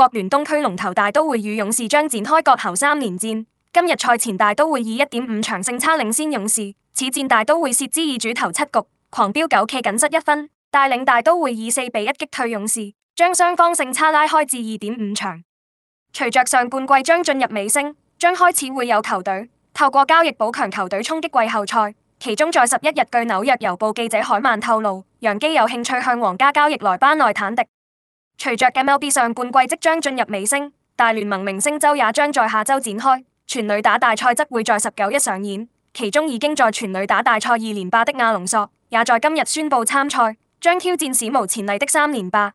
國聯東區龍頭大都會與勇士將展開各頭三連戰。今日賽前大都會以一點五場勝差領先勇士，此戰大都會涉之二主頭七局，狂飆九 K 僅失一分，帶領大都會以四比一擊退勇士，將雙方勝差拉開至二點五場。隨着上半季將進入尾聲，將開始會有球隊透過交易補強球隊衝擊季後賽。其中在十一日據紐約郵報記者海曼透露，洋基有興趣向皇家交易來班內坦迪。隨着 MLB 上半季即將進入尾聲，大聯盟明星週也將在下週展開，全壘打大賽則會在十九日上演。其中已經在全壘打大賽二連霸的亞隆索，也在今日宣布參賽，將挑戰史無前例的三連霸。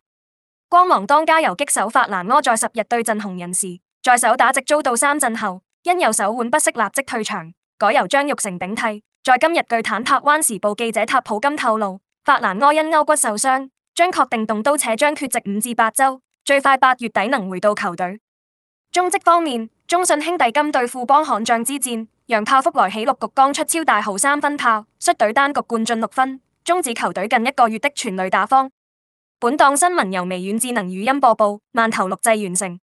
光芒當家游擊手法蘭柯在十日對陣紅人時，在首打席遭到三振後，因右手腕不適立即退場，改由張玉成頂替。在今日據坦帕灣時報記者塔普金透露，法蘭柯因勾骨受傷。將確定動刀，且將缺席五至八周，最快八月底能回到球隊。中職方面，中信兄弟今對富邦悍將之戰，楊炮福來喜六局，剛出超大號三分炮，率隊單局灌進六分，終止球隊近一個月的全壘打荒。本檔新聞由微軟智能語音播報，慢投錄製完成。